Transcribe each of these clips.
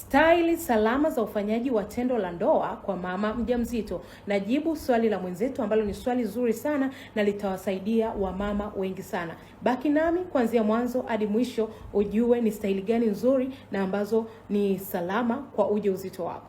Staili salama za ufanyaji wa tendo la ndoa kwa mama mjamzito. Najibu swali la mwenzetu ambalo ni swali zuri sana na litawasaidia wamama wengi sana. Baki nami kuanzia mwanzo hadi mwisho ujue ni staili gani nzuri na ambazo ni salama kwa ujauzito wako.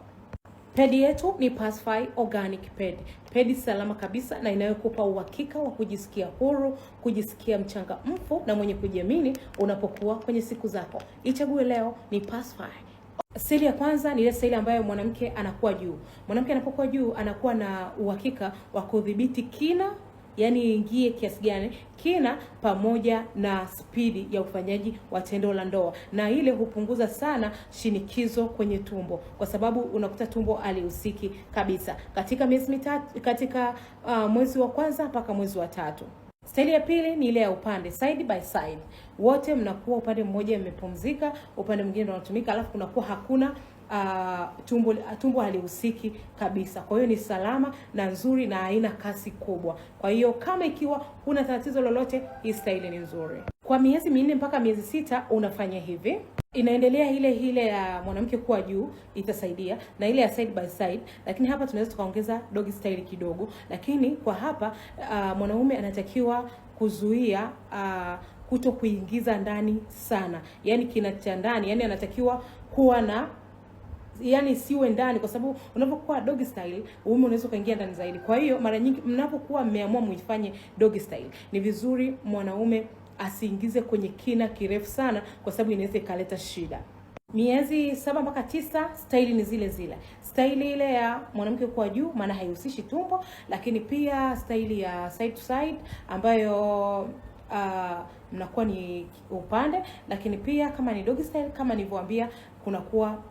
Pedi yetu ni Pasfy Organic Pedi. Pedi salama kabisa na inayokupa uhakika wa kujisikia huru, kujisikia mchangamfu na mwenye kujiamini unapokuwa kwenye siku zako. Ichague leo, ni Pasfy. Staili ya kwanza ni ile staili ambayo mwanamke anakuwa juu. Mwanamke anapokuwa juu anakuwa na uhakika wa kudhibiti kina, yani ingie kiasi gani kina pamoja na spidi ya ufanyaji wa tendo la ndoa, na ile hupunguza sana shinikizo kwenye tumbo, kwa sababu unakuta tumbo alihusiki kabisa katika miezi mitatu, katika uh, mwezi wa kwanza mpaka mwezi wa tatu. Staili ya pili ni ile ya upande side by side, wote mnakuwa upande mmoja imepumzika, upande mwingine ndio unatumika, alafu kunakuwa hakuna uh, tumbo, tumbo halihusiki kabisa. Kwa hiyo ni salama na nzuri na haina kasi kubwa. Kwa hiyo kama ikiwa kuna tatizo lolote, hii staili ni nzuri. Kwa miezi minne mpaka miezi sita unafanya hivi, inaendelea ile ile ya mwanamke kuwa juu, itasaidia na ile ya side by side, lakini hapa tunaweza tukaongeza doggy style kidogo, lakini kwa hapa uh, mwanaume anatakiwa kuzuia uh, kuto kuingiza ndani sana, yani kina cha ndani, yani anatakiwa kuwa na yani siwe ndani, kwa sababu unapokuwa doggy style uume unaweza ukaingia ndani zaidi. Kwa hiyo mara nyingi mnapokuwa mmeamua muifanye doggy style, ni vizuri mwanaume asiingize kwenye kina kirefu sana, kwa sababu inaweza ikaleta shida. Miezi saba mpaka tisa, staili ni zile zile, staili ile ya mwanamke kuwa juu, maana haihusishi tumbo, lakini pia staili ya side to side ambayo Uh, mnakuwa ni upande lakini pia kama ni doggy style, kama nilivyowaambia, kunakuwa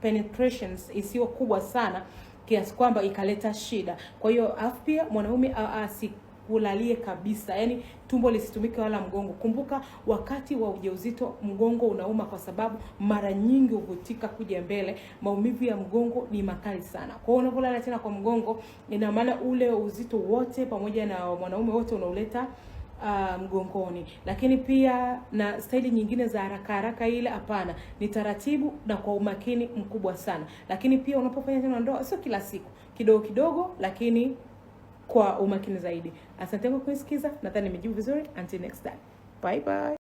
penetrations isiyo kubwa sana kiasi kwamba ikaleta shida. Kwa hiyo afu pia mwanaume uh, uh, ulalie kabisa, yani tumbo lisitumike wala mgongo. Kumbuka wakati wa ujauzito mgongo unauma kwa sababu mara nyingi huvutika kuja mbele. Maumivu ya mgongo ni makali sana, kwa hiyo unavyolala tena kwa mgongo, ina maana ule uzito wote pamoja na mwanaume wote unauleta Uh, mgongoni. Lakini pia na staili nyingine za haraka haraka, ile hapana, ni taratibu na kwa umakini mkubwa sana. Lakini pia unapofanya tendo la ndoa, sio kila siku, kidogo kidogo, lakini kwa umakini zaidi. Asante kwa kunisikiza, nadhani nimejibu vizuri. Until next time, bye bye.